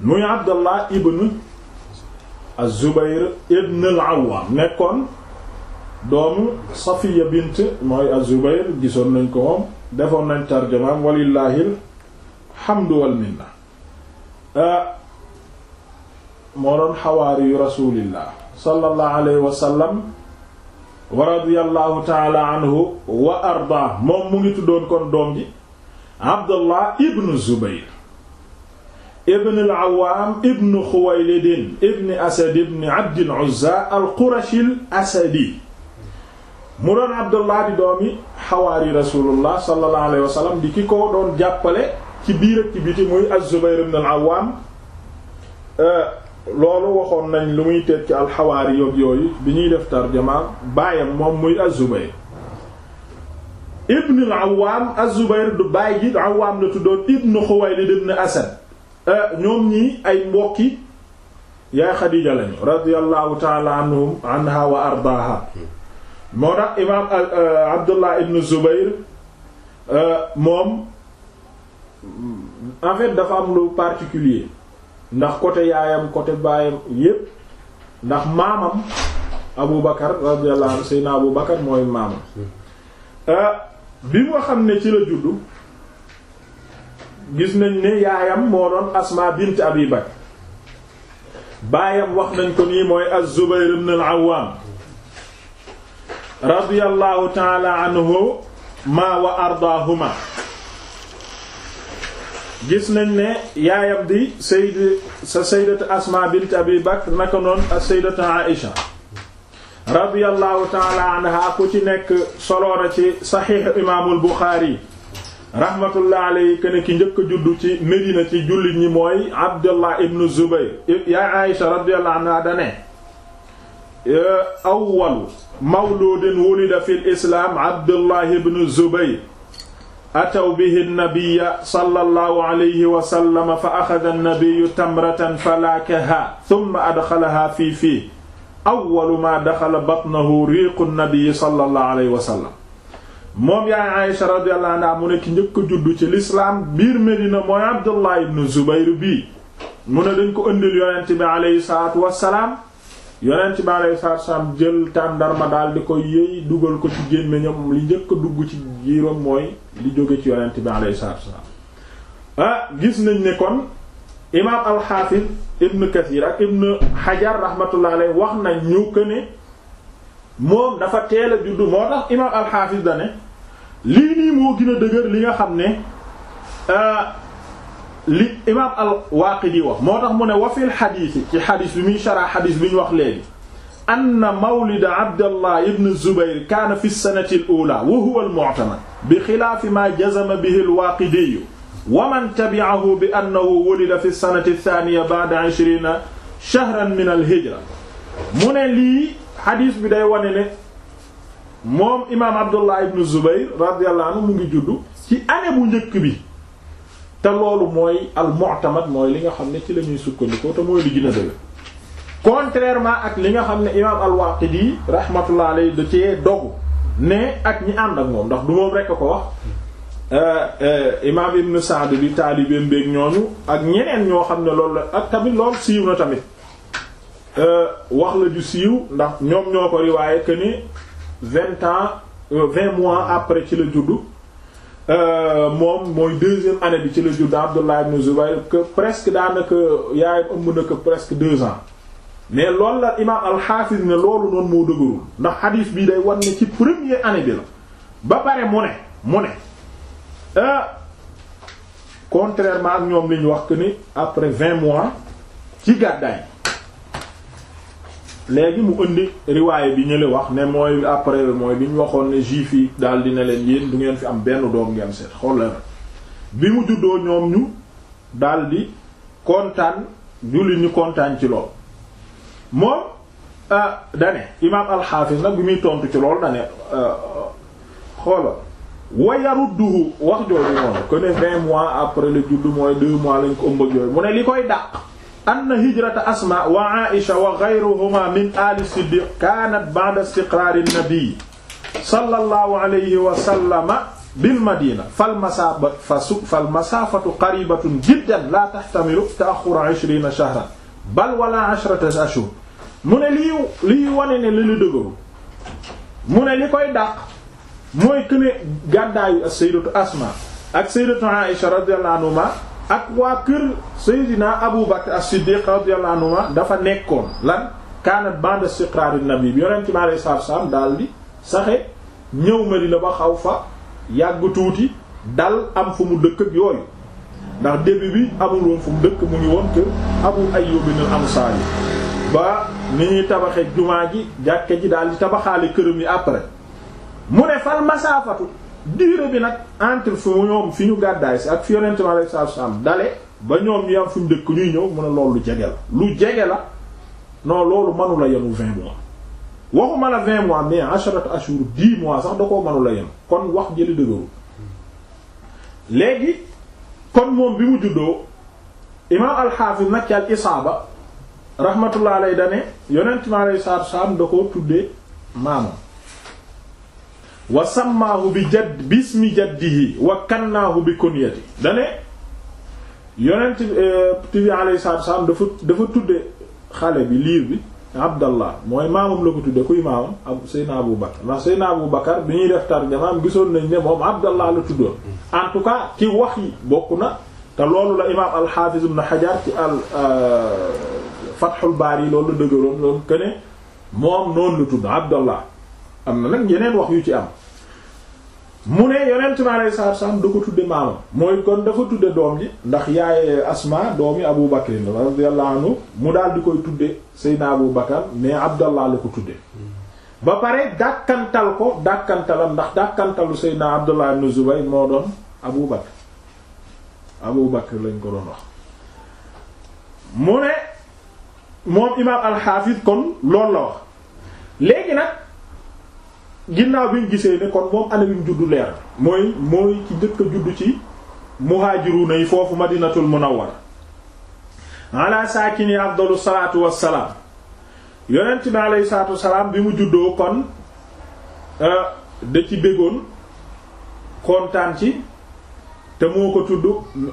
muy abdallah ibn az-zubayr ibn al-awwam nekkoon doomu safiya bint mooy az-zubayr gisoon nañ ko moom defoon nañ tarjamaam walillaahil hamdu wal minna euh, moo doon xawaari yu rasulillah sallallahu alayhi wa sallam wa radiyallahu taala anhu wa arda moom mu ngi tuddoon kon doom ji abdallah ibn zubayr ibn al-Awwaam ibn Xuwaylid ibn Asad ibn Abd al-Uzza al-Qurashi al-Asadi mu doon Abdullah di doomi xawaari Rasulullah sallallahu alayhi wa di ki ko doon jàppale ci biir ak ci biti muy ibn al-Awwaam euh, loolu waxoon nañ lu muy tekki alxawaari yoog yooyu bi ñuy def tarjama baayam moom muy az ibn al-Awwaam az du baay ji Awwaam la tuddoon ibn Xuwaylid Asad Eh, ñoom ñii ay mbokki yaay Xadiija lañu radiyallahu taala anha wa ardaaha moo tax imaam eh, eh, Abdullah ibn Zubayr moom en fait dafa am lu particulier ndax côté yaayam côté baayam yépp ndax maamam Abu Bakar radiyallahu anhu Seydina Abu Bakar mooy maamam bi nga xam ne ci la juddu gis nañ ne yaayam moo doon Asma bint Abi Bakr baayam wax nañ ko nii mooy Az-Zubayr al-Awwam radiyallahu ta'ala anhu ma wa ardaahuma gis nañ ne yaayam di sayd sa saydatu Asma bint Abi Bakr naka noon ak saydatu Aïsha radiyallahu ta'ala anha ku ci nekk soloora ci saxiix imaamul Buxaari rahmatullah alayhi ne ki njëkk a juddu ci Medina ci jullit ñi mooy Abdullah ibn Zubayr yaa Aïsha radiyallahu anha dane euh, awwalu mawludin wulida fil islaam Abdullah ibn Zubayr ataw bihi nabiyya sallallahu alayhi wa sallam fa axada nabiyyu tamratan falaakaha thumma adxalaha fii fii awwalu maa daxala batnahu riiqu nabiyyi sallallahu alayhi wa sallam moom yaay Aïsha radiyallahu anha mu ne ki njëkk a juddu ci lislaam biir Medina mooy Abdullah ibn Zubayr bii mu ne dañ ko ëndil yonent bi aleyhi salaatu wassalaam yonent bi aleyhi salaatu wassalaam jël tàndarma daal di ko yëy dugal ko ci gémmiñam li njëkk a dugg ci jiiram mooy li jóge ci yonent bi aleyhi salaatu wassalaam ah gis nañ ne kon imaam alxaafis ibn Kathir ak ibn Hajar rahmatullah alayhi wax nañ ñu ko moom dafa teel a juddu moo tax imaam alxaafis lii nii moo gën li nga xam ne euh, li imaam al-Waaqidi moo tax mu ne wa fil xadiisi ci xadis bi muy shara xadis bi ñu wax léegi anna mawlida Abdallah ibn Zubayr kaana fi sanati al-uulaa wa huwa al-mu'tamad bi xilaafi maa jazama bihi al-Waaqidi wa man tabi'ahu bi annahu wulida fi sanati ath-thaaniya ba'da 'ishriina shahran min al-hijra mu ne lii xadis bi day wane ne moom imaam abdullah ibnu zubayr radiyallahu anhu mu ngi juddu ci année bu njëkk bi te loolu mooy al mooy li nga xam ne ci la ñuy sukkandikoo te mooy li gën a contrairement ak li nga xam ne imaam al-Waaqidi rahmatullah alayhi da cee dogu ne ak ñi ànd ak moom ndax du moom rekk ko wax euh, euh, imaam ibn Sa'd bi taalibeem beek ñooñu ak ñeneen ñoo xam ne loolu la ak tamit loolu siiw na tamit euh, wax la ju siiw ndax ñoom ñoo ko riwaaye que vingt ans euh, vingt mois après ci la juddu euh, moom mooy deuxième année bi ci la juddu Abdullah ibn Zubayr que presque daanaka yaayam ëmb na que presque deux ans mais loolu la imaam al-Hafiz ne loolu noonu moo dëgërul ndax hadith bi day war ne ci première année bi la ba pare mu ne mu ne euh, contrairement ak ñoom li ñu wax que ni après vingt mois ci gàddaay léegi mu indi riwaay bi ñu wax ne mooy après mooy bi ñu waxoon ne juif yi daal di ne leen yéen du ngeen fi am benn doom ngeen seet xool la bi mu juddoo ñoom ñu daal di kontaan julli ñu kontaan ci lool moom ah, dane imaam alxaafis nag bi muy tontu ci lool dane ah, xoola wayarudduhu wax jooju noonu que ne vingt mois après le juddu mooy deux mois lañ ko ëmb jooyu mu ne li koy dàq anna hijrata asma wa aisha wa ghayruhuma min ali siddiq kanat ba'da istiqrari nabi sallallahu alayhi wa sallama bil madina fal masafa fal masafatu qaribatun jiddan la tahtamilu ta'akhkhur 20 shahran bal wala 10 ashhur mu ne lii lii wane ne li lu dëgëru mu ne li koy dàq mooy que ne gàddaayu as-sayyidatu asma ak sayyidatu aisha radiyallahu anhuma ak waa kër Seydina Abu Bakr as-Siddiq radiyallahu dafa nekkoon lan kaanat ba'da istiqraari nabi bi yonent mi alayhi salaatu salaam daal di saxe ñëw Madina ba xaw fa yàgg tuuti dal am fu mu dëkk ak yooyu ndax début bi amul woon fu mu dëkk mu ngi woon kër Abu Ayyub al-Ansaari ba ni ñuy tabaxee jumaa ji jàkke ji daal di tabaxaale këram yi après mu ne fal masaafatu durée bi nag entre fu ñoom fi ñu gàddaay si ak fi yonente mi alayhi salaatu salaam dale ba ñoom ñu am fu dëkk ñuy ñëw mu ne loolu lu jege la lu jege la non loolu mënu la yenu vingt mois waxuma la vingt mois mais di mois sax da koo mënu la kon wax jëli dëgëru léegi kon moom bi mu juddoo imaam alxaafis nag ci al isaaba rahmatullah alay dane yonente mi alayhi salaatu salaam da koo tuddee maamam wa sammaahu bi jadd bismi jaddihi wa kannaahu bi kunyati dane yonent bi eh, alayhi salaatu wasalaam dafa dafa tudde xale bi liir bi abdallah mooy maamam la ko tudde kuy maamam ab seyna abu bakar ndax seyna abu bakar bi ñuy def tarjamaam gisoon nañ ne moom abdallah la tuddoon en tout cas ci wax yi bokk na te loolu la imaam alxaafiz ibn xajar ci al eh, fathul yi loolu la dëgëroon loolu que moom noonu la tudd abdallah am na nag yeneen wax yu ci am mu ne yonent mi alayhi salaatu salaam ko tudde maamam mooy kon dafa tudde doom ji ndax yaay asma doomi abu bakrin radiyallahu mu daal di koy tudde seydna abu bakar mais abdallah la ko tudde ba pare dàkkantal ko dàkkantalam ndax dàkkantalu seydna abdallah ibn zubayr moo doon abu bakar abu bakar lañ ko doon wax mu ne moom imaam alxaafis kon loolu la wax léegi nag ginnaaw bi ñu gisee ne kon moom année juddu leer mooy mooy ci njëkk a juddu ci mu muhaajiruuna yi foofu madinatul munawwara ala saakini afdalu salaatu wassalaam yonent bi alayhi salaatu salaam bi mu juddoo kon euh, da ci bëggoon kontaan ci te moo ko tudd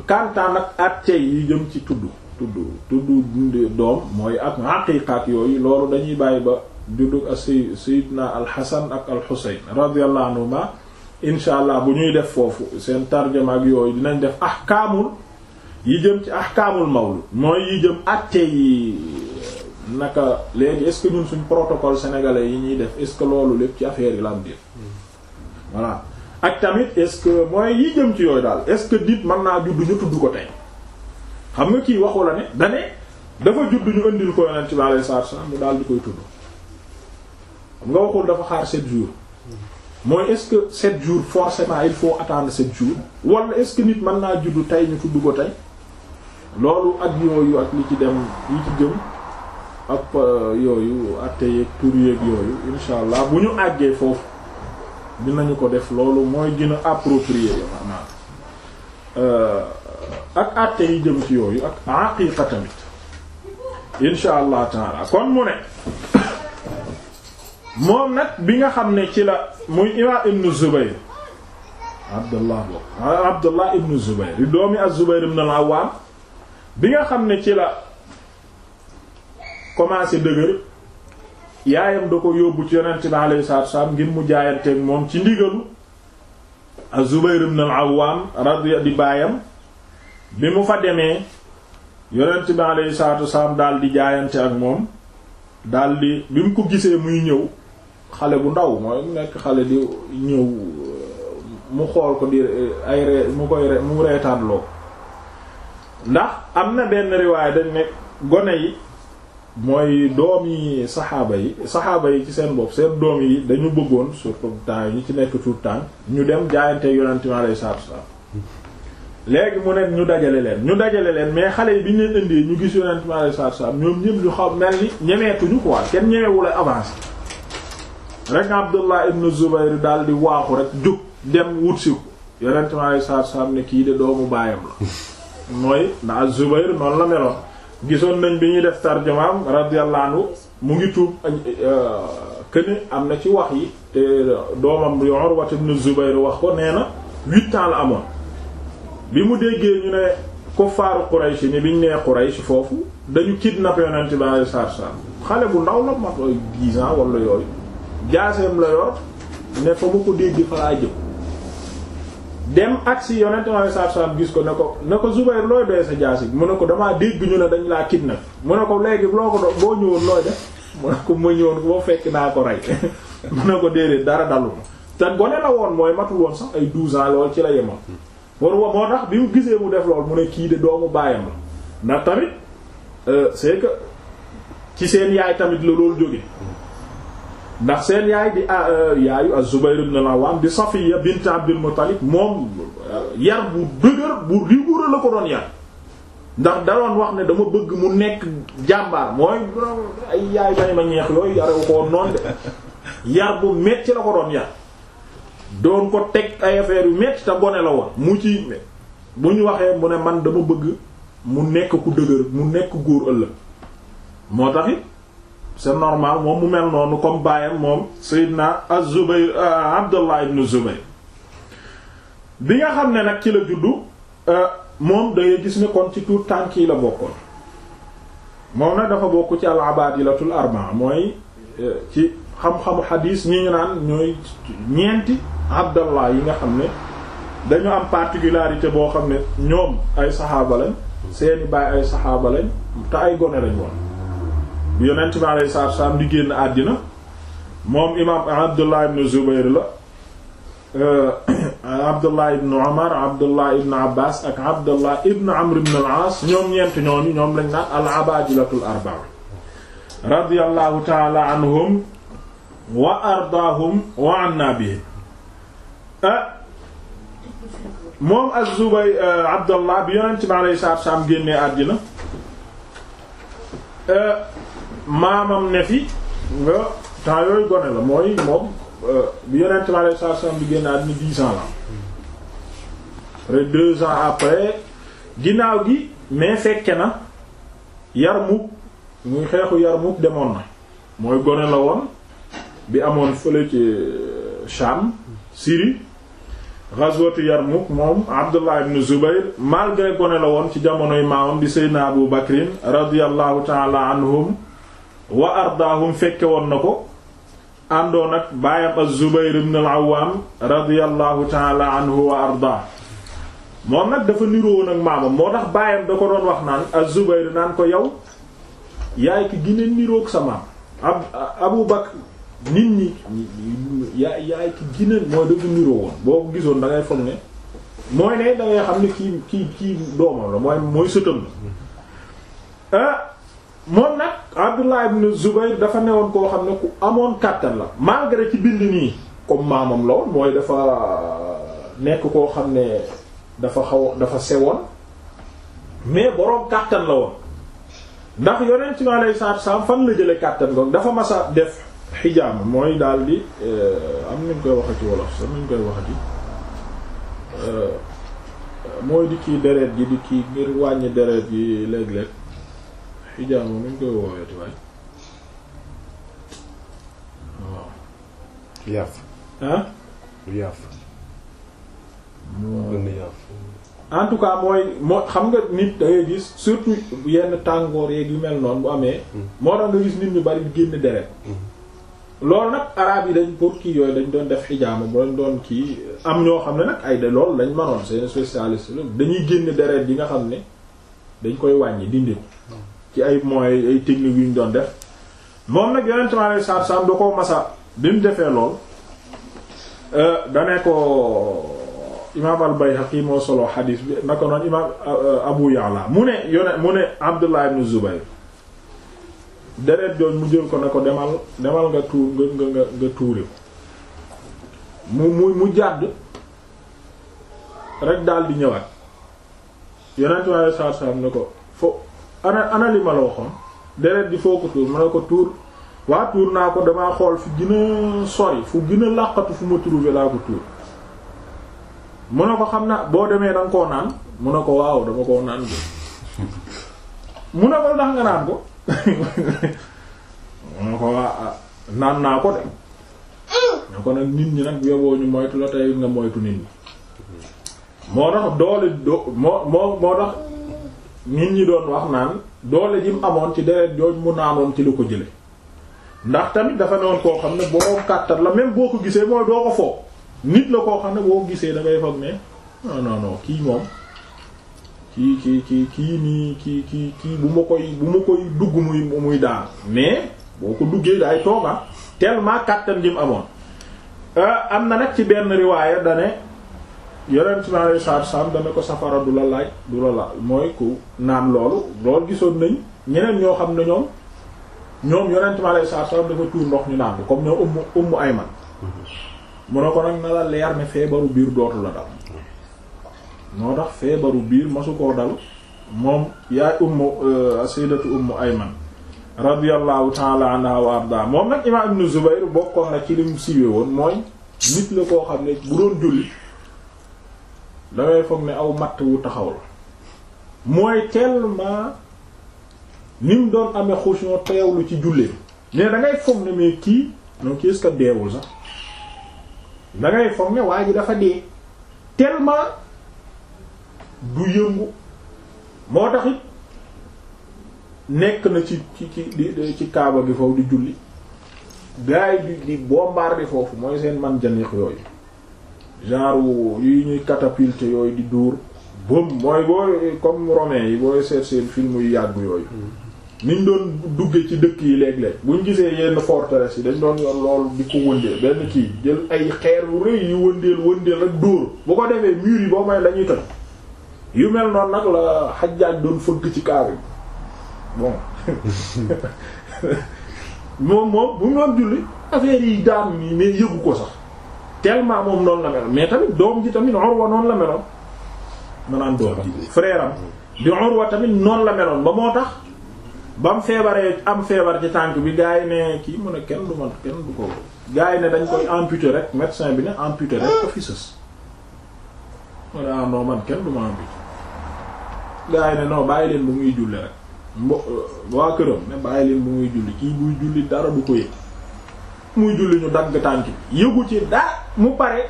kantaan ak at tey yi jëm ci tudd tudd tudd doom mooy ak haqiiqa yooyu loolu dañuy bàyyi ba juddug ak sy sayidna alxasan ak alxusayn radiyallahu anhuma incha allah bu ñuy def foofu seen tarjama yooyu dinañ def ahkaamul yi jëm ci ahkaamul mawlud mooy yi jëm àtte yi naka léegi est-ce que ñun suñ protocole sénégalais yi ñuy def est-ce que loolu lépp ci affaire yi la am dir ak tamit est-ce mooy yi jëm ci yooyu daal est-ce que dit man naa juddu ñu tudd ko tey xam nga kii waxu la ne dane dafa judd ñu indil ko yonent bi alayhi salaatu wa salaam mu daal di koy tudd nga waxul dafa xaar sept jours mooy est-ce que sept jours forcément il faut attendre sept jours wala nit mën naa juddu tey ñu tudd ko tey loolu ak yooyu ak li ci dem yi ci jëm ak euh, yooyu atte yeeg tur yeeg yooyu insha allah bu ñu àggee foofu dinañu ko def loolu mooy gën a approprié maanaam euh, ak atte yi jëm ci yooyu ak aqiqa tamit insha allah taala kon mu ne moom nag bi nga xam ne ci la muy imaam ibnu Zubayr Abdullah boobu Abdullah ibnu Zubayr di doomi az-Zubayr ibn al bi nga xam ne ci la commencé dëgër yaayam da ko yóbbu ci yonent bi alayhi salaatu wassalaam ngir mu jaayanteeg moom ci ndigalu ak zubayr ibn al-Awwam di baayam bi mu fa demee yonent bi alayhi salaatu wassalaam daal di jaayante ak moom daal di bi mu ko gisee muy ñëw xale bu ndaw mooy nekk xale di ñëw mu xool ko di ay ree mu koy re mu reetaanloo ndax am na benn riwaay dañ ne gone yi mooy doom yi saxaaba yi saxaaba yi ci seen bopp seen doom yi dañu bëggoon surtout temps yi ñu ci nekk tout temps ñu dem jaayante yonente mi alayhi salaatu wassalaam léegi mu ne ñu dajale leen ñu dajale leen mais xale yi bi ñu leen indee ñu gis yonente mi alayhi salaatu wassalaam ñoom ñëpp ñu xaw mel ni ñemeetuñu quoi kenn ñemewu la avancé rek Abdullah ibn Zubayr daal di waaxu rek jóg dem wutsi ko yonent mi alayhi salaatu ne kii de doomu baayam la mooy ndax az-Zubayr noonu la meloon gisoon nañ bi ñuy def tarjumaam radiyallahu anhu mu ngi tuub këne euh, am na ci wax yi te doomam Urwa ibn Zubayr wax ko nee na huit ans amoon bi mu déggee ñu ne kuffaaru Quraysh ni biñ nee Quraysh foofu dañu kidnappé yonent bi alayhi salaatu xale bu ndaw la mat ay dix ans yooyu jaaseem la yor ne fa ma ko dégg fa laa jëm dem agsi yonent ma saab-saab gis ko ne ko ne ko Zubayr looy doy sa jaasi mu ne ko damaa bi ñu ne dañ laa kidnap mu ne ko léegi loo ko do boo ñëwoon looy def mu ne ko ma ñëwoon boo fekk naa ko rey mu ne ko déedéet dara dalu ma te gone la woon mooy matul woon sax ay 12 ans lool ci la yemal war wa moo tax bi mu gisee mu def lool mu ne kii de doomu baayam la ndax tamit euh, c'est ci seen yaay tamit la loolu jóge ndax seen yaay di ah, euh, yaayu az-Zubayr ibn al-Awwam di Safiya bint Abdul Muttalib moom euh, yar bu dëgër bu rigoureux la ko doon yar ndax daroon wax ne dama bëgg mu nekk jàmbaar mooy ay yaay may ma ñeex yooyu yarewu ko noonu de yar bu metti la ko doon yar doon ko teg ay yu metti te gone la woon mu ci bu ñu waxee mu ne man dama bëgg mu nekk ku dëgër mu nekk góor ëllëg moo taxit c'est normal moom mu mel noonu comme baayam moom Seydina Az-Zubayr euh, Abdullah ibn Zubayr bi nga xam ne nag ci la juddu euh, moom dangay gis ne kon ci tuut tànk yi la bokkoon moom na dafa bokk ci al latul arba'a mooy euh, ci xam-xamu xadiis ñi ñu naan ñooy ñeenti Abdallah yi nga xam ne dañu am particularité boo xam ne ñoom ay saxaaba lañ seeni baay ay saxaaba lañ te ay gone lañ woon bi yonent bi salaam di génn àddina moom imaam Abdullah ibn Zubayr la euh, Abdullah ibn Umar Abdullah ibn Abbas ak Abdullah ibn Amr ibn al-As ñoom ñeent ñooñu ñoom lañ naan al-abaadilatul arba'a radiyallahu ta'ala anhum wa ardaahum wa anna euh, moom az-Zubay euh, Abdullah bi yonent bi alayhi salaam génnee àddina maamam ne fi nga temps yooyu gone la mooy moom euh, bi yonent mi alayhi salaatu salaam bi génn àddina dix la après deux ans après ginnaaw gi mais fekke na Yarmuk muy xeexu Yarmuk demoon na mooy gone la woon bi amoon fële ci Sham euh, Syrie ghazwatu Yarmuk moom Abdullah ibn Zubayr malgré gone la woon ci jamonoy maamam di Seydina Abu Bakrin radiyallahu ta'ala anhum wa ardaahum fekke woon na ko àndoon ak baayam az-Zubayr ibn al-Awwam anhu wa ardaa moom nag dafa niroon ak maamam moo tax baayam da ko doon wax naan az naan ko yow yaay ki gën a niroog sa maam ab Abu Bakr nit ñi yaay ki gën mooy dafa niroo woon boo ko gisoon da foog ne mooy ne da xam ne kii kii kii doomam la mooy mooy sëtam la ah, moom nag Abdullah ibn Zubayr dafa newoon koo xam ne ku amoon kàttan la malgré ci bind nii comme maamam la woon mooy dafa nekk koo xam ne dafa xaw dafa sewoon mais boroom kàttan la woon ndax yonent mi alayhi salaatu salaam fan la jële kàttan goog dafa masa def xijaama mooy daal di eh, am nuñ koy wax ci wolof sax nuñ koy waxati eh, mooy di kii deret ji di kii ngir wàññi deret yi léeg-léeg ijaama nuñ koy woowee ti waay waaw en tout cas mooy moo xam nga nit dangay gis surtout yenn tàngoor yeeg yu mel noonu bu amee hmm. moo tax nga gis nit ñu bari génn deret hmm. loolu nag araab yi dañ pour kii yooyu dañ doon def xijaama bu lañ doon kii am ñoo xam ne nag ay de loolu lañ manoon seen spécialiste dañuy génn deret yi nga xam ne dañ koy wàññi dindi hmm. ci ay moyens ay techniques yu ñu doon def moom nag yeneen ci maanaam saab saab da bi mu defee lool euh, dane ko imaam al-Bayhaqi solo xadiis bi naka noonu imaam euh, Abu Ya'la mu ne mu ne Abdullah ibn Zubayr deret jooju mu jël ko ne ko demal demal nga tuur nga nga nga tuuri ko mu mu mu jàdd rek daal di ñëwaat yonentu Yàlla sallallahu ne ko fo ana ana li ma la waxoon deret di foo ko tuur ma ne ko tuur waa tuur naa ko damaa xool fi gën a sori fu gën a làqatu fu ma trouvé laa ko tuur mu ne ko xam na boo demee danga koo naan mu ne ko waaw dama naan ko ndax nga ah, naa ko de nga ko nag nit ñi nag yoboo ñu moytu la tey nga moytu nit ñi moo tax doole do moo moo tax nit ñi doon wax naan doole ji mu amoon ci deret jooju mu naanoon ci la ko jële ndax tamit dafa noon koo xam ne boo kàttan la même boo ko gisee mooy doo ko foog nit la koo xam ne boo gisee dangay ngay foog ne non kii moom kii kii kii kii nii kii kii kii bu ma koy bu ma koy dugg muy muy daal mais boo ko duggee daay tooga tellement kàttan ji mu amoon euh, am na nag ci benn riwaaya da yonent bi alayhi salaatu ko safara du la laaj du la laaj mooy ku naan loolu loolu gisoon nañ ñeneen ñoo xam ne ñoom ñoom yonent bi alayhi salaatu salaam naan comme ñoo ummu ummu ayman ko nag na la leer ne feebaru biir dootu la dal moo tax feebaru biir masu ko dal moom yaay ummu euh, sayyidatu ummu ayman radiyallahu ta'ala anha wa arda moom nag imaam ibn Zubayr bokkoon na ci lim siiwe woon mooy nit la koo xam ne bu doon julli da ngay ne aw matt wu taxaw la mooy tellement ni mu doon amee xushion teewlu ci jullee mais da ngay foog ne mais kii non kii est-ce sax da ngay foog ne waa ji dafa dee tellement du yëngu moo tax nekk na ci ci ci ci kaaba gi foofu di julli gars yi di di bombarder foofu mooy seen man janiix yooyu genre yi ñuy catapulte yooyu di dóor bëm mooy booy comme romain yi booy seet seen film yu yàgg yooyu hmm. niñ doon dugg ci dëkk yi léeg-léeg buñ gisee yenn forteresse yi dañ doon yor loolu di ko wëndeel benn kii jël ay xeer yu rëy yu wëndeel wëndeel ak dóor bu ko defee mur yi boo may dañuy toj yu mel noon nag la xajjaaj doon fëgg ci kaar yi bon moom moom bu ñu am julli affaire yi daanu yëgu ko sax tellement moom noonu la meloon mais tamit doom ji tamit Urwa noonu la meloon maanaam doom ji frère di Urwa tamit noonu la meloon ba moo tax ba mu feebaree am feebar ci tànk bi gars yi ne kii mu ne kenn du ma kenn du ko gars yi ne dañ koy amputé rek médecin bi ne amputé fi sës mu ne ah non man kenn du ma bàyyi leen bu muy julli rek mbo euh, waa këram ne bàyyi leen bu muy julli kii buy julli dara du ko yëg muy julli ñu dagg tànk yëgu ci dara mu pare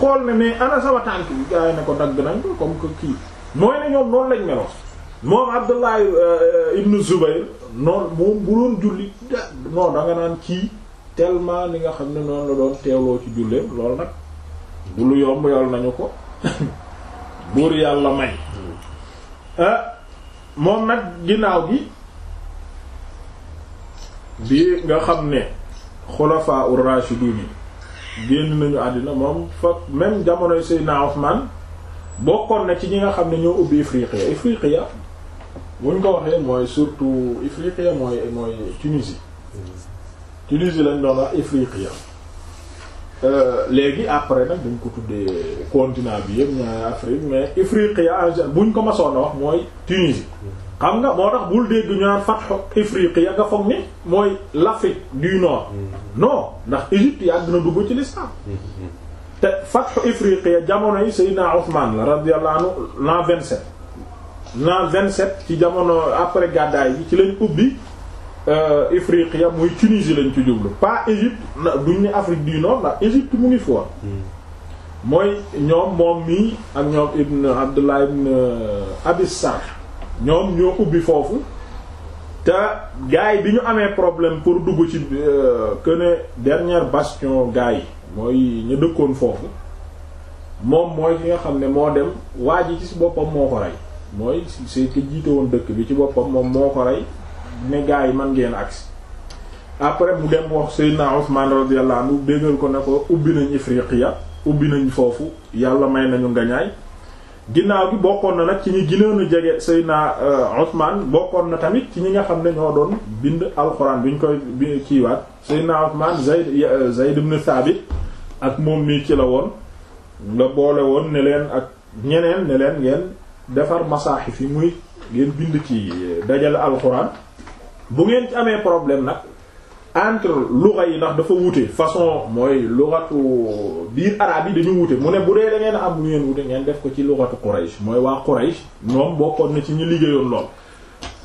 xool ne mais ana sama tànk bi gars yi ne ko dagg nañ ko comme que kii mooy ne ñoom noonu lañ melo moom Abdullah euh, ibn Zubayr noonu moom bu doon julli non da nga naan kii tellement li nga xam ne noonu la doon teewloo ci julleem lool nag du lu yomb yol nañu ko buur yàlla may ah, moom nag ginnaaw gi bi nga xam ne xulafaa ur-rashidun génn nañu àddina moom fa même jamonoy Seydina Ousmane bokkoon na ci ñi nga xam ne ñoo ubbi Ifriqiya Ifriqiya buñ ko waxee mooy surtout Ifriqiya mooy mooy Tunisie mm-hmm. Tunisie lañ doon wax Ifriqiya Euh, léegi après nag dañ ko tuddee continent bi yëpp ñaari Afrique mais Ifriqiya buñ ko masoon a wax mooy Tunisie xam nga moo tax bul dégg ñu naan fathu Ifriqiya nga foog ni mooy lafi du nord mm-hmm. non ndax Égypte yàgg na dugg ci l'islam mm-hmm. te fathu Ifriqiya jamono yi Seydina Ousmane la radiyallahu anhu l'an 27 l'an 27 ci jamono après gàddaay yi ci lañ ubbi Euh, Ifriqiya muy Tunisie lañ ci jublu pas Égypte na duñ ne Afrique du Nord ndax Égypte mu ngi foor hmm. mooy ñoom moom mii ak ñoom Ibn Abdullah ibn euh, Abis Sarh ñoom ñoo ubbi foofu te gars yi bi ñu amee problème pour dugg ci euh, que ne bastion gars yi mooy ñu dëkkoon foofu moom mooy ki nga xam ne moo dem waa ji ci boppam moo ko rey mooy c'est que jiite woon dëkk bi ci boppam moom moo ko rey ne gars yi man ngeen agsi après mu dem wax Seydina Ousmane radiyallahu anhu déggal ko ne ko ubbi nañ Ifriqiya ubbi nañu foofu yàlla may nañu ngañaay ginnaaw gi bokkoon na nag ci ñi gënoon a jege Seydina euh, Ousmane bokkoon na tamit ci ñi nga xam ne ñoo doon bind alxuraan bi ñu koy bi kiiwaat Seydina Ousmane Zayd euh, Zayd ibn Thabit ak moom mii ci la woon la boole woon ne leen ak ñeneen ne leen ngeen defar masaaxif fi muy ngeen bind ci euh, dajale alxuraan bu ngeen ci amee problème nag entre luga yi ndax dafa wute façon mooy lugatu biir araab yi dañu wute mu ne bu dee da ngeen am lu ngeen wute ngeen def ko ci lugatu Quraysh mooy waa Quraysh ñoom bokkoon na ci ñu liggéeyoon lool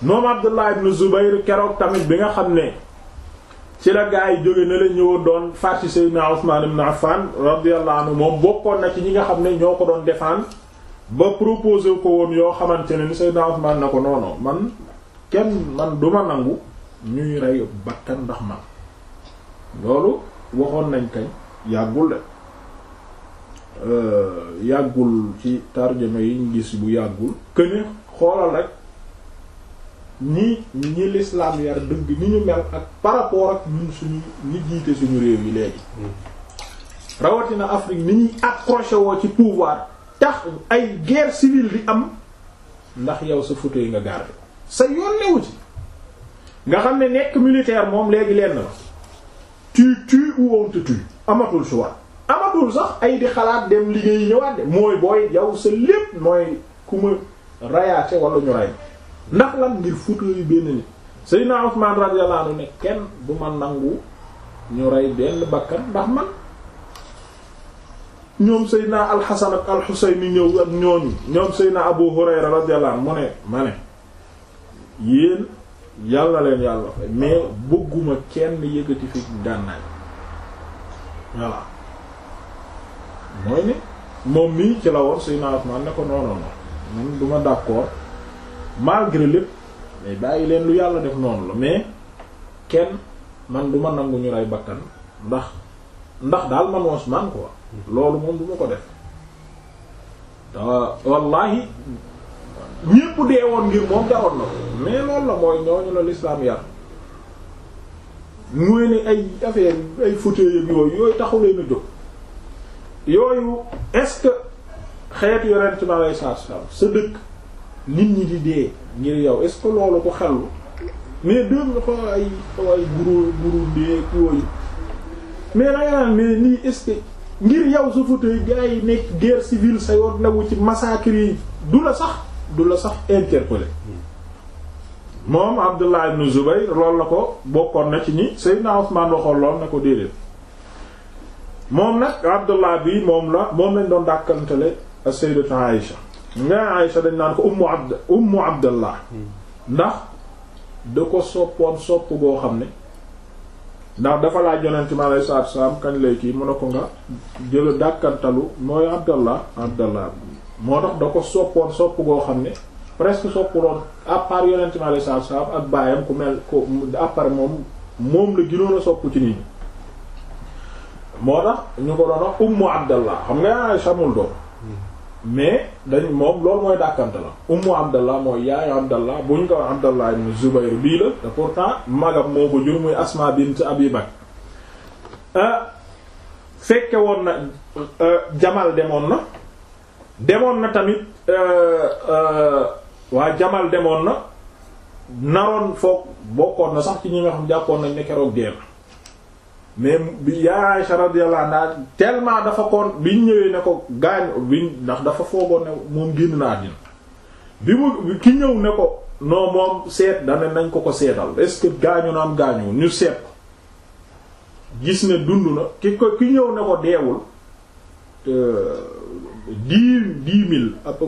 moom Abdullah ibn Zubayr keroog tamit bi nga xam ne ci la gaa yi jóge na la ñëwoon doon farci Seydina Usman ibn Affan radiyallahu anhu moom bokkoon na ci ñi nga xam ne ñoo ko doon défendre ba proposé ko woon yoo xamante ne ni Seydina na ko non man kenn man duma nangu ñuy rey bakkan ndax man loolu waxoon nañ kañ yàggul de euh, yàggul ci tarjama yi ñu gis bu yàggul këne xoolal rek ñi ñi l'islam yar dëgg ni ñu mel ak par rapport ak ñun suñu ñi jiite suñu réew yi léegi hmm. rawatina Afrique ni ñuy accroché ci pouvoir tax ay ger civile di am ndax yow sa fauteuil nga garder sa yoon newu ci nga xam ne nekk militaire moom léegi lenn la tu tu ou on te amatul choix amatul sax ay di xalaat dem liggéey ñëwaat de mooy booy yow sa lépp mooy ku ma rayaate wala ñu ray ndax lan ngir fauteuil benn nit Seydina Usman radiyallahu anhu ne kenn bu ma nangu ñu rey benn bakkan man ñoom Seydina Al Hasan ak Al Husayn ñëw ak ñoom Seydina Abu Hurayra radiyallahu anhu ne ma ne yéen yàlla leen yàlla fay mais bëgguma kenn yëkkati fi gànnaay voilà mooy ni moom mii ci la woon suy naa Usmaan ne ko non non non duma d'accord malgré lépp mais bàyyi leen lu yàlla def noonu la mais kenn man duma nangu ñu rey bakkan ndax ndax daal man Usmaan quoi hmm. loolu moom duma ko def wallaahi ñépp dee woon ngir moom jaroon na ko mais loolu la mooy ñooñu la l'islam yar mooy ne ay affaire ay fauteuil ak yooyu yooyu taxu leen a jóg di dee ngir yow est-ce que loolu ko yooyu mais danga naan mais nii est ngir yow sa fauteuil gars yi nekk guerre civile sa yoon newu ci massacre yi du la sax du la sax interpellé moom Abdullah ibn Zubayr loolu la ko bokkoon na ci ñi Seydina Usmaan waxoon lool na ko déedéet moom nag Abdullah bi moom la moom lañ doon dàkkantale ak Sayyidatu Aïsha nga Aïsha dañ naan ko ummu abd ndax da ko soppoon sopp goo xam ne ndax dafa laaj yonent mi alayhi salaatu wa salaam kañ lay kii mun a ko nga jël dàkkantalu mooy Abdallah Abdallah moo tax da ko soppoon sopp goo xam ne presque soppuloon à part yonent mi alayhi salaatu salaam ak baayam ku mel ko à moom moom la gënoon a ci nit moo tax ñu ko doon wax ummu xam nga yaay samul doom mais dañ moom loolu mooy dàkkante la ummu abdallah mooy yaayu abdallah bu ñu ko wax abdallah ibn zubayr bii la te pourtant magam moo ko jur muy asma bint abi bakr ah, fekke woon na euh, jamal demoon na demoon na tamit euh, euh, waa Jamal demoon na naroon foog bokkoon na sax ci ñi nga xam jàppoon nañ ne keroog dee na mais bi yaa Aysa radiyallahu anha tellement dafa koon biñ ñëwee ne ko gaañ biñ ndax dafa foogoon ne moom génn na àddina bi mu ki ñëw ne ko non moom seet dane nañ ko ko seetal est-ce que gaañu na am gaañu ñu seet ko gis ne dund na ki ko ki ñëw ne ko deewul dix dix mille à peu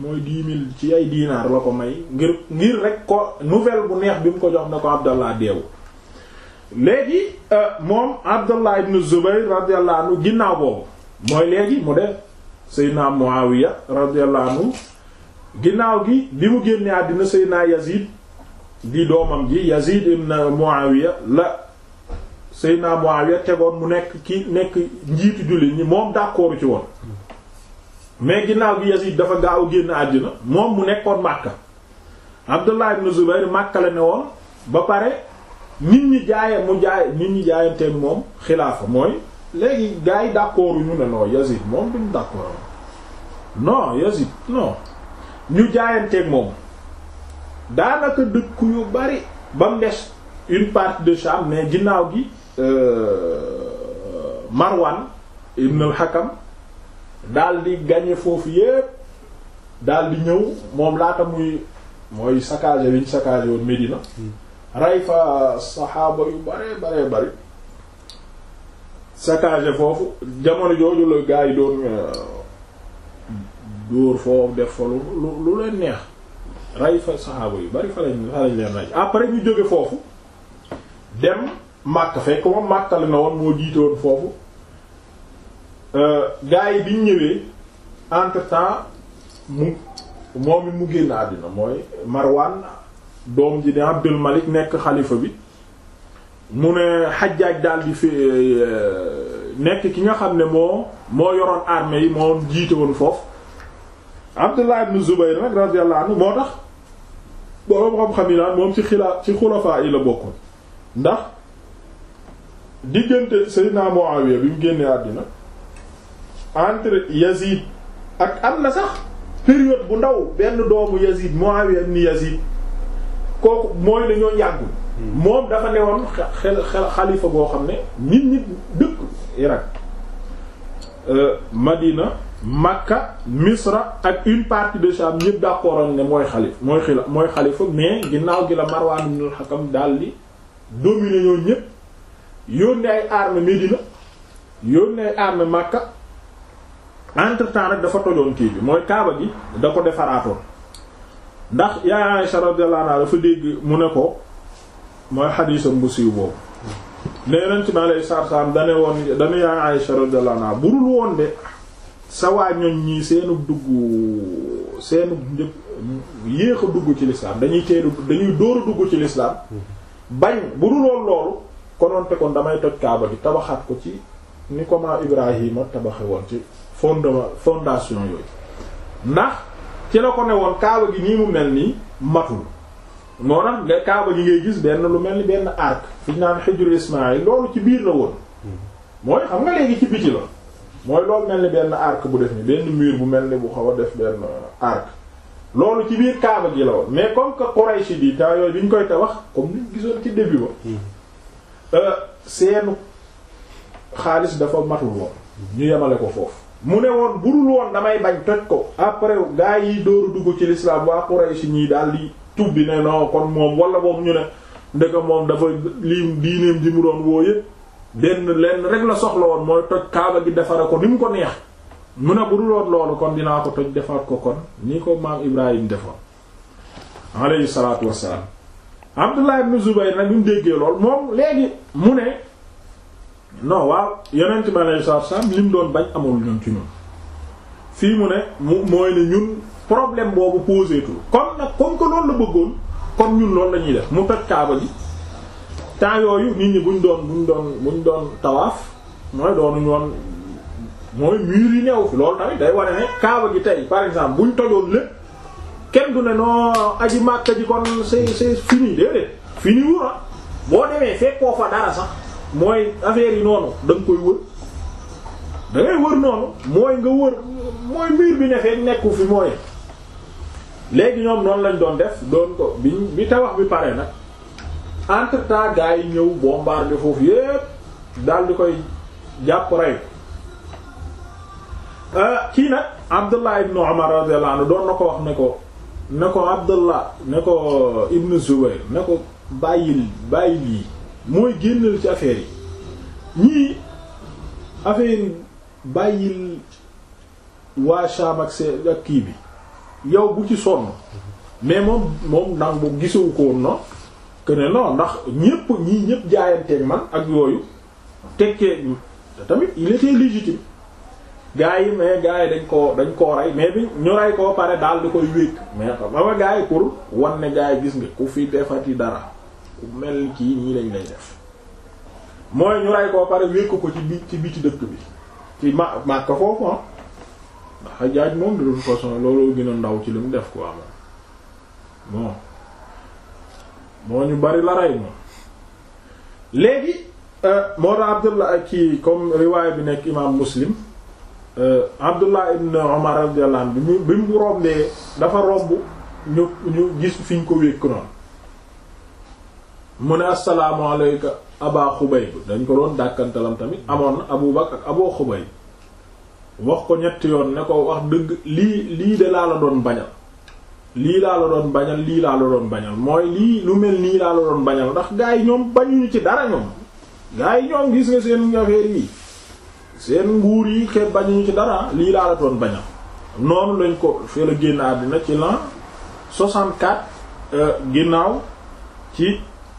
mooy dix mille ci ay diinaar la ko may ngir ngir rek ko nouvelle bu neex bi mu ko jox na ko Abdallah deewu léegi euh, moom Abdallah ibn Zubayr radiyallahu anhu ginnaaw boobu mooy léegi mu def Seydina Muawiya radiyallahu anhu ginnaaw gi bi mu génnee àddina Seydina Yazid di doomam ji Yazid ibn Muawiya la Seydina Muawiya tegoon mu nekk ki nekk njiitu jullit ñi moom d'accord ci woon mais ginnaaw bi Yazid dafa gaaw génn àddina moom mu nekkoon Makka Abdullah ibn Zubayr Makka la ne woon ba pare nit ñi jaaye mu jaay nit ñi jaayanteen moom xilaafa mooy léegi gars yi d'accord ñu ne non Yazid moom duñ d'accord non Yazid non ñu jaayanteeg moom daanaka dëkk yu bari ba mu une partie de Sham mais ginnaaw gi euh, Marwan ibn hakam daal di gañe foofu yépp daal di ñëw moom laata muy mooy saccagé liñ saccagé woon Médina hmm. rey fa saxaaba yu bare bare bari saccagé foofu jamono jooju la gaa doon euh, dóor foofu def fa lu lu leen neex rey fa saxaaba yu bari fa lañ fa lañ leen rey après ñu jóge foofu dem Makka fekk moom Makka na woon moo jiite foofu Euh, gaa yi biñ ñëwee entre temps mu moom it mu génn àddina mooy Marwan doom ji di Abdul Malik nekk xalifa bi mu ne Hajjaj daal di fi euh, nekk ki nga xam ne moo moo yoroon armée yi moo jiite woon foofu Abdullah ibn Zubayr nag radiyallahu anhu moo tax boroom xam-xam yi naan moom ci xilaa ci xulafaa yi la bokkoon ndax diggante Seydina Muawiya bi mu génnee àddina entre Yazid ak am na sax période bu ndaw benn doomu Yazid Muawiya ibn Yazid kooku mooy dañoo yàggul hmm. moom dafa newoon xel xel xalifa goo xam ne nit ñi dëkk Irak euh, Madina Makka Misra ak une partie de Sham ñëpp d'accord ne mooy xalif mooy xila mooy xalifa mais ginnaaw gi la Marwan ibn al-Hakam daal di dominer ñoo ñëpp yónnee ay armes Médina yónnee ay armes Makka entre temps rek dafa tojoon kii bi mooy kaaba gi da ko defaraatoon ndax yaay Aisha radiyallahu anha dafa dégg mu ne ko mooy xadiisam bu siiw boobu ne yonent bi alayhi salaatu salaam dane woon dane yaay Aisha radiyallahu anha burul woon de sa ñoñ ñii seenu dugg seenu njëkk yéex a dugg ci lislaam dañuy teelu dañuy dóor a dugg ci lislaam bañ burul woon loolu konoonte kon damay toj kaaba gi tabaxaat ko ci ni ko ma Ibrahima tabaxe woon ci fondement fondation yooyu ndax ci la ko ne woon kaaba gi nii mu mel nii matul moo tax nga kaaba gi ngay gis benn lu mel ni benn arc fi ñu naan xijru Ismaïl loolu ci biir la woon mooy xam nga léegi ci biti la mooy loolu mel ni benn arc bu def ni benn mur bu mel ni bu xaw a def benn arc loolu ci biir kaaba gi la woon mais comme que Quraysh bi ta yooyu bi ñu koy tabax comme ni gisoon ci début ba euh, seenu xaalis dafa matul woon ñu yemale ko foofu mu ne woon budul woon damay bañ toj ko après gaa yi dóoru dugg ci l'islam waa Quraysh ñii daal di tubbi ne non kon moom wala moom ñu ne ndeka moom dafa lii diineem ji mu doon woo yëpp benn lenn rek la soxla woon mooy toj kaaba gi defare ko ni mu ko neex mu ne budul woon loolu kon dinaa ko toj defaat ko kon ni ko maam Ibrahim defoon alayhi salaatu wassalaam Abdullah ibn Zubayr nag ñu déggee lool moom léegi mu ne non waaw yonent bi aleyhi salaatu wa salaam li mu doon bañ amul ñun ci ñun fii mu ne mu mooy ne ñun problème boobu posé tout kon nag comme que loolu la bëggoon kon ñun loolu la ñuy def mu toj kaaba gi temps yooyu nit buñ doon buñ doon buñ doon tawaaf mooy doonuñu woon yi neew fi loolu tamit day wane ne kaaba gi tey par exemple buñ tojoon lépp kenn du ne noo aji màkka ji kon c'est c'est fini déedéet fini wura ah. boo demee fekkoo fa dara sax mooy affaire yi noonu da nga koy wër da wër noonu mooy nga wër mooy mbir bi ne fee nekku fi mooy léegi ñoom noonu lañ doon def doon ko bi bi tawax bi pare nag entre temps gars yi ñëw foofu yépp daal di koy jàpp rey euh, kii nag Abdullah ibn Umar radiyallahu anhu doon na ko wax ne ko ne ko Abdullah ne ko Ibn Zubayr ne ko bàyyil bàyyil yi mooy génnal ci affaire yi ñii affaire yi bàyyil waa ak seen ak kii bi yow bu ci sonn mais moom moom ndax bu gisewu ko no na ne non ndax ñépp ñii ñépp jaayanteeg man ak yooyu tekkee te tamit il était légitime gars yi mais gars dañ koo dañ koo rey mais bi ñu rey koo pare daal di koy wékk mais xam nga gars pour wan ne gars yi gis nga ku fi defati dara mel kii nii lañ lay def mooy ñu rey koo pare wékku ko ci bi ci biti dëkk bi ci ma màkk foofu ah ndax Hajjaj moom de toute façon looloo gën a ndaw ci lu mu def quoi moom moo ñu bari la rey moom léegi euh, moo tax Abdullah kii comme riwaay bi nekk imaam Muslim euh, Abdullah ibn Umar radiyallahu bi mu bi mu rombee dafa robb ñu ñu gis fi ñu ko wékk noonu mu ne assalaamu alayka aba xubayb dañ ko doon dàkkantalam tamit amoon na abu bakar ak aboo xubayb wax ko ñetti yoon ne ko wax dëgg lii lii de laa la doon bañal lii laa la doon bañal lii laa la doon mooy lii lu mel nii laa la doon bañal ndax gaa yi ñoom bañuñu ci dara ñoom gaa yi ñoom gis nga seen affaire yi seen nguur yi ke bañuñu ci dara lii laa la doon bañal noonu lañ ko fee la génn àddina ci l'an 64 euh, ginnaaw ci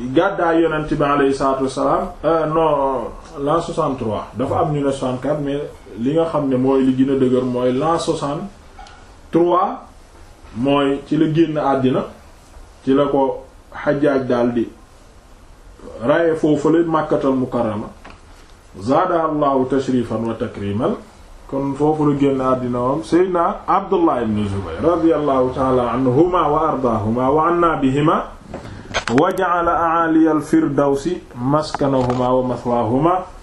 gàddaay yonent bi alayhi salaatu wassalaam euh, non l'an 63 dafa am ñu ne 64 mais li nga xam ne mooy li gën a dëgër mooy l'an 63 mooy ci la génn àddina ci la ko xajaaj daal di raye foofu la màkkatal mukarrama zaada allahu tashrifan wa takriman kon foofu la génn àddina moom seydna abdullah ibn zubayr radiyallahu ta'ala anhuma wa ardaahuma wa anna wa ja'ala a'ali al-firdawsi maskanahuma wa mathwahuma